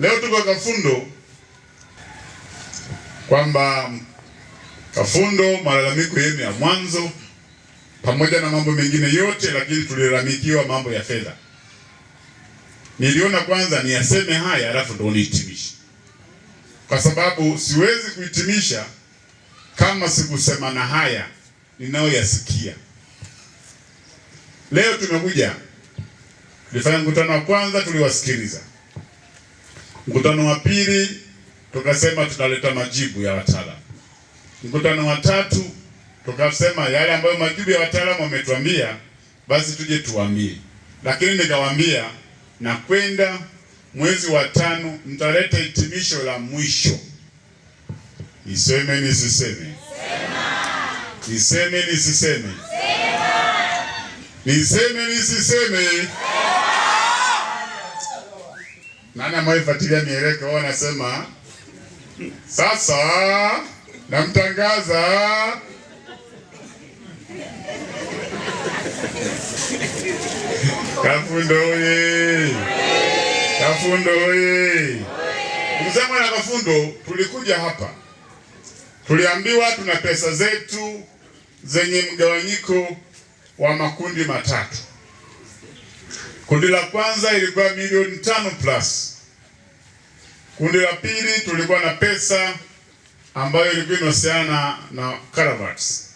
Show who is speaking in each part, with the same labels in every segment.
Speaker 1: Leo tuko Kafundo kwamba Kafundo malalamiko yenu ya mwanzo pamoja na mambo mengine yote, lakini tulilalamikiwa mambo ya fedha. Niliona kwanza niyaseme haya, alafu ndo nihitimishe, kwa sababu siwezi kuhitimisha kama sikusema na haya ninayoyasikia leo. Tumekuja tulifanya mkutano wa kwanza, tuliwasikiliza Mkutano wa pili tukasema tunaleta majibu ya wataalamu. Mkutano wa tatu tukasema yale ambayo majibu ya wataalamu wametuambia basi tuje tuambie. lakini nikawaambia na kwenda mwezi wa tano mtaleta hitimisho la mwisho. Niseme nisiseme? Niseme nisiseme? Niseme nisiseme? Nani amefuatilia mieleke wao wanasema sasa namtangaza Kafundo oye! Kafundo oye! Mzema na Kafundo, tulikuja hapa tuliambiwa tuna pesa zetu zenye mgawanyiko wa makundi matatu. Kundi la kwanza ilikuwa milioni tano plus Kundi la pili tulikuwa na pesa ambayo ilikuwa inahusiana na caravans.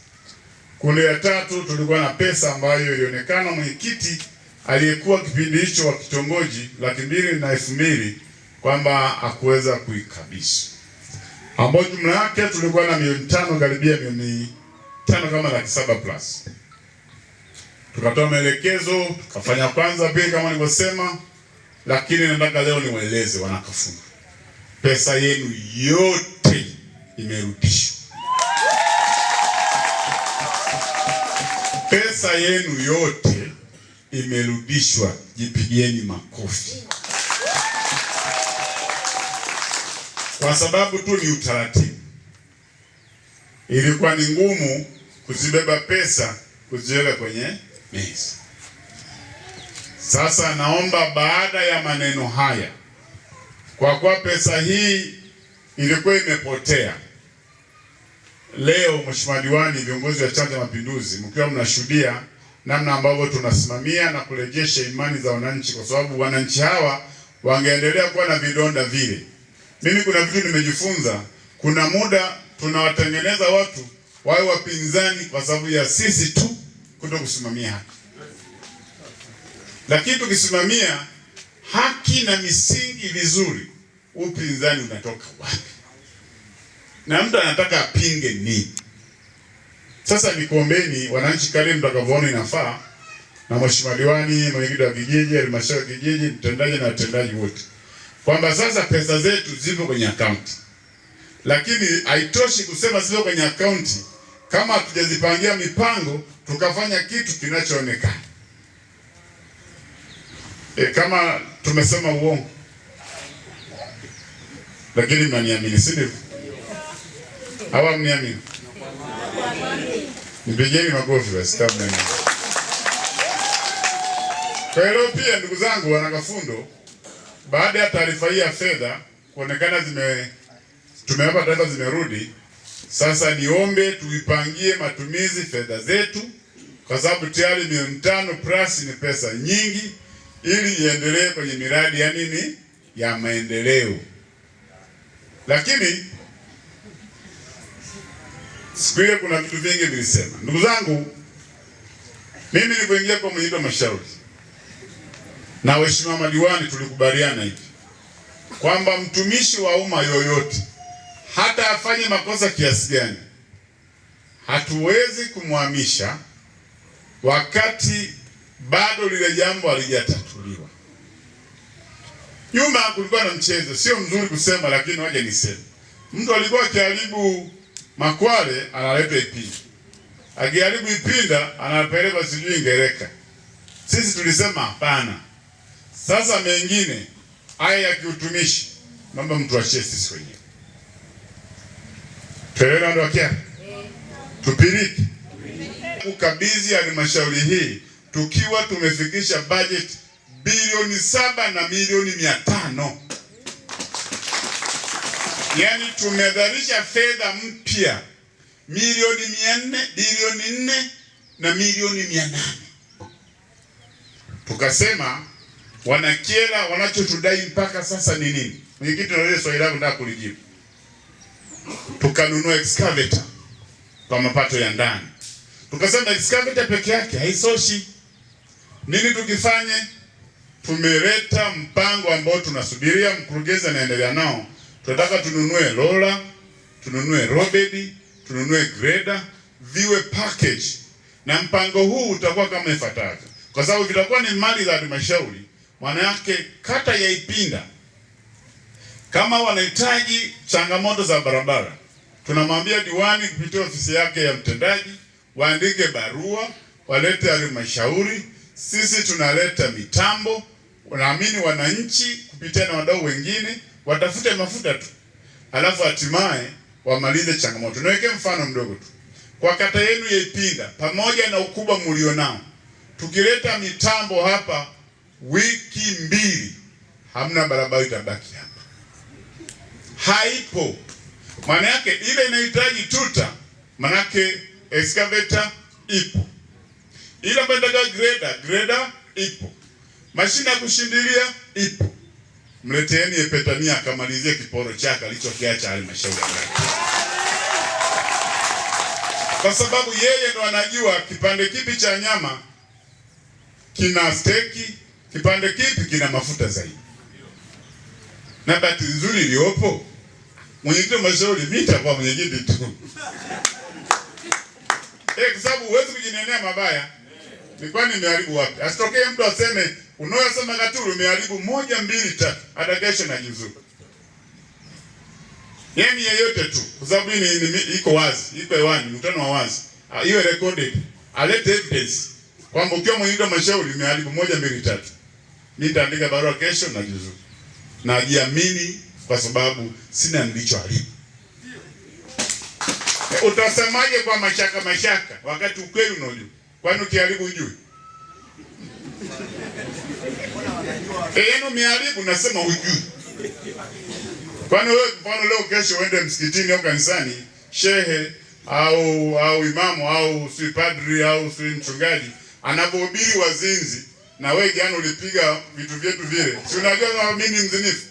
Speaker 1: Kundi la tatu tulikuwa na pesa ambayo ilionekana mwenyekiti aliyekuwa kipindi hicho wa kitongoji laki mbili na elfu mbili kwamba akuweza kuikabisi ambayo jumla yake tulikuwa na milioni tano karibia milioni tano kama laki saba plus. Tukatoa maelekezo tukafanya kwanza, pia kama nilivyosema, lakini nataka leo niwaeleze wanakafunga pesa yenu yote imerudishwa, pesa yenu yote imerudishwa. Jipigieni makofi, kwa sababu tu ni utaratibu. Ilikuwa ni ngumu kuzibeba pesa kuziweka kwenye meza. Sasa naomba baada ya maneno haya kwa kuwa pesa hii ilikuwa imepotea. Leo Mheshimiwa Diwani, viongozi wa Chama cha Mapinduzi, mkiwa mnashuhudia namna ambavyo tunasimamia na kurejesha imani za wananchi, kwa sababu wananchi hawa wangeendelea kuwa na vidonda vile. Mimi kuna vitu nimejifunza, kuna muda tunawatengeneza watu wawe wapinzani kwa sababu ya sisi tu kuto kusimamia haki, lakini tukisimamia haki na misingi vizuri upinzani unatoka wapi? Na mtu anataka apinge nini? Sasa nikuombeni wananchi, kale mtakavyoona inafaa, na mheshimiwa diwani, mwenyekiti wa vijiji, halmashauri ya kijiji, mtendaji na watendaji wote, kwamba sasa pesa zetu zipo kwenye akaunti, lakini haitoshi kusema zipo kwenye akaunti kama hatujazipangia mipango tukafanya kitu kinachoonekana e, kama tumesema uongo lakini mnaniamini, si ndivyo? Hawa mniamini? Nipigeni makofi basi kama mnaniamini. Kwa hilo pia ndugu zangu wanakafundo, baada ya taarifa hii ya fedha kuonekana zime tumewapa taarifa zimerudi, sasa niombe tuipangie matumizi fedha zetu, kwa sababu tayari milioni tano plus ni pesa nyingi, ili iendelee kwenye miradi ya nini ya maendeleo. Lakini siku ile kuna vitu vingi vilisema. Ndugu zangu, mimi nilipoingia kwa mwenyekiti wa mashauri na waheshimiwa madiwani, tulikubaliana hivi kwamba mtumishi wa umma yoyote hata afanye makosa kiasi gani, hatuwezi kumhamisha wakati bado lile jambo halijatatuliwa. Yumba kulikuwa na mchezo, sio mzuri kusema, lakini waje niseme, mtu alikuwa akiharibu Makwale analeta Ipinda, akiharibu Ipinda anapeleka sijui Ngereka. Sisi tulisema hapana. Sasa mengine haya ya kiutumishi, naomba mtuachie sisi wenyewe telenandoakia tupiriki ukabidhi halmashauri hii tukiwa tumefikisha bajeti bilioni saba na milioni mia tano yaani tumedharisha fedha mpya milioni mia nne bilioni nne na milioni mia nane tukasema wanakiela wanachotudai mpaka sasa ni nini? Mwenyekiti, na swali langu nataka kulijibu. Tukanunua excavator kwa mapato ya ndani, tukasema excavator peke yake haisoshi. Nini tukifanye? tumeleta mpango ambao tunasubiria mkurugenzi anaendelea nao. Tunataka tununue lola, tununue robedi, tununue greda, viwe package, na mpango huu utakuwa kama ifuatavyo, kwa sababu vitakuwa ni mali za halmashauri. Maana yake kata ya Ipinda kama wanahitaji changamoto za barabara, tunamwambia diwani kupitia ofisi yake ya mtendaji waandike barua, walete halmashauri, sisi tunaleta mitambo naamini wananchi kupitia na wadau wengine watafute mafuta tu, alafu hatimaye wamalize changamoto. Niweke mfano mdogo tu kwa kata yenu ya Ipinda, pamoja na ukubwa mlionao, tukileta mitambo hapa wiki mbili, hamna barabara itabaki hapa, haipo. Maana yake ile inahitaji tuta, manake excavator ipo, ile ambayo inataka ipo mashine ya kushindilia ipo, mleteeni Epetania akamalizie kiporo chake alichokiacha halmashauri kwa sababu yeye ndo anajua kipande kipi cha nyama kina steki, kipande kipi kina mafuta zaidi. Na bahati nzuri iliyopo, mwenyekiti wa halmashauri mimi nitakuwa mwenyekiti tu eh, kwa sababu huwezi kujinenea mabaya. Ni kwani nimeharibu wapi? Asitokee mtu aseme unaosema Gaturu umeharibu moja mbili tatu, atakesha na najizuka. yani yeyote tu, kwa sababu hii iko wazi, iko hewani, mkutano wa wazi, hiyo ah, recorded, alete evidence kwamba ukiwa mwenyekiti wa mashauri umeharibu moja mbili tatu. mimi Nitaandika barua kesho na najizuka, najiamini kwa sababu sina nilichoharibu. E, utasemaje kwa mashaka mashaka wakati ukweli unajua? Kwani ukiharibu ujui? Eh, Yenu miaribu nasema hujui. Kwani wewe mfano leo kesho uende msikitini au kanisani, shehe au au imamu au si padri au si mchungaji anapohubiri wazinzi na wewe jana ulipiga vitu vyetu vile. Si unajua kama mimi mzinifu?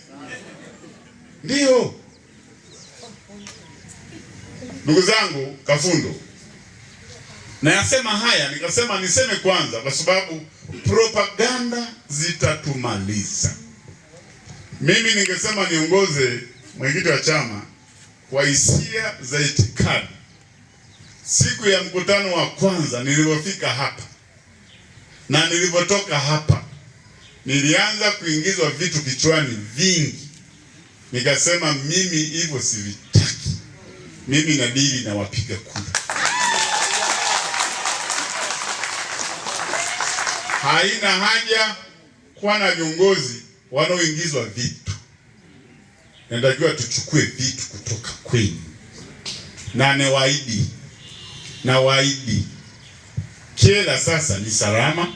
Speaker 1: Ndio. Ndugu zangu Kafundo. Na yasema haya nikasema niseme kwanza kwa sababu propaganda zitatumaliza. Mimi ningesema niongoze mwenyekiti wa chama kwa hisia za itikadi. Siku ya mkutano wa kwanza nilivyofika hapa na nilivyotoka hapa, nilianza kuingizwa vitu kichwani vingi, nikasema mimi hivyo sivitaki. Mimi nadili na wapiga kura haina haja kuwa na viongozi wanaoingizwa vitu. Natakiwa tuchukue vitu kutoka kwenu, na newaidi na waidi Kyela sasa ni salama.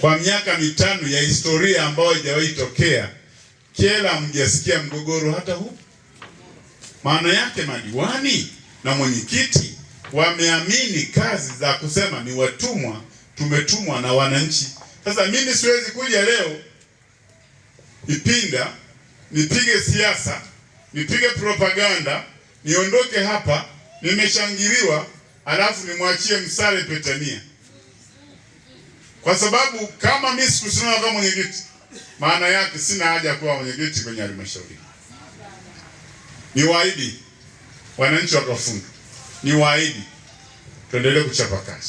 Speaker 1: Kwa miaka mitano ya historia ambayo haijawahi tokea Kyela mjasikia mgogoro hata huu. Maana yake madiwani na mwenyekiti wameamini kazi za kusema ni watumwa tumetumwa na wananchi. Sasa mimi siwezi kuja leo Ipinda nipige siasa, nipige propaganda, niondoke hapa nimeshangiliwa, alafu nimwachie Msale Petania, kwa sababu kama mimi sikusimama kama mwenyekiti, maana yake sina haja ya kuwa mwenyekiti kwenye halmashauri. waidi wananchi wa ni waidi tuendelee kuchapa kazi.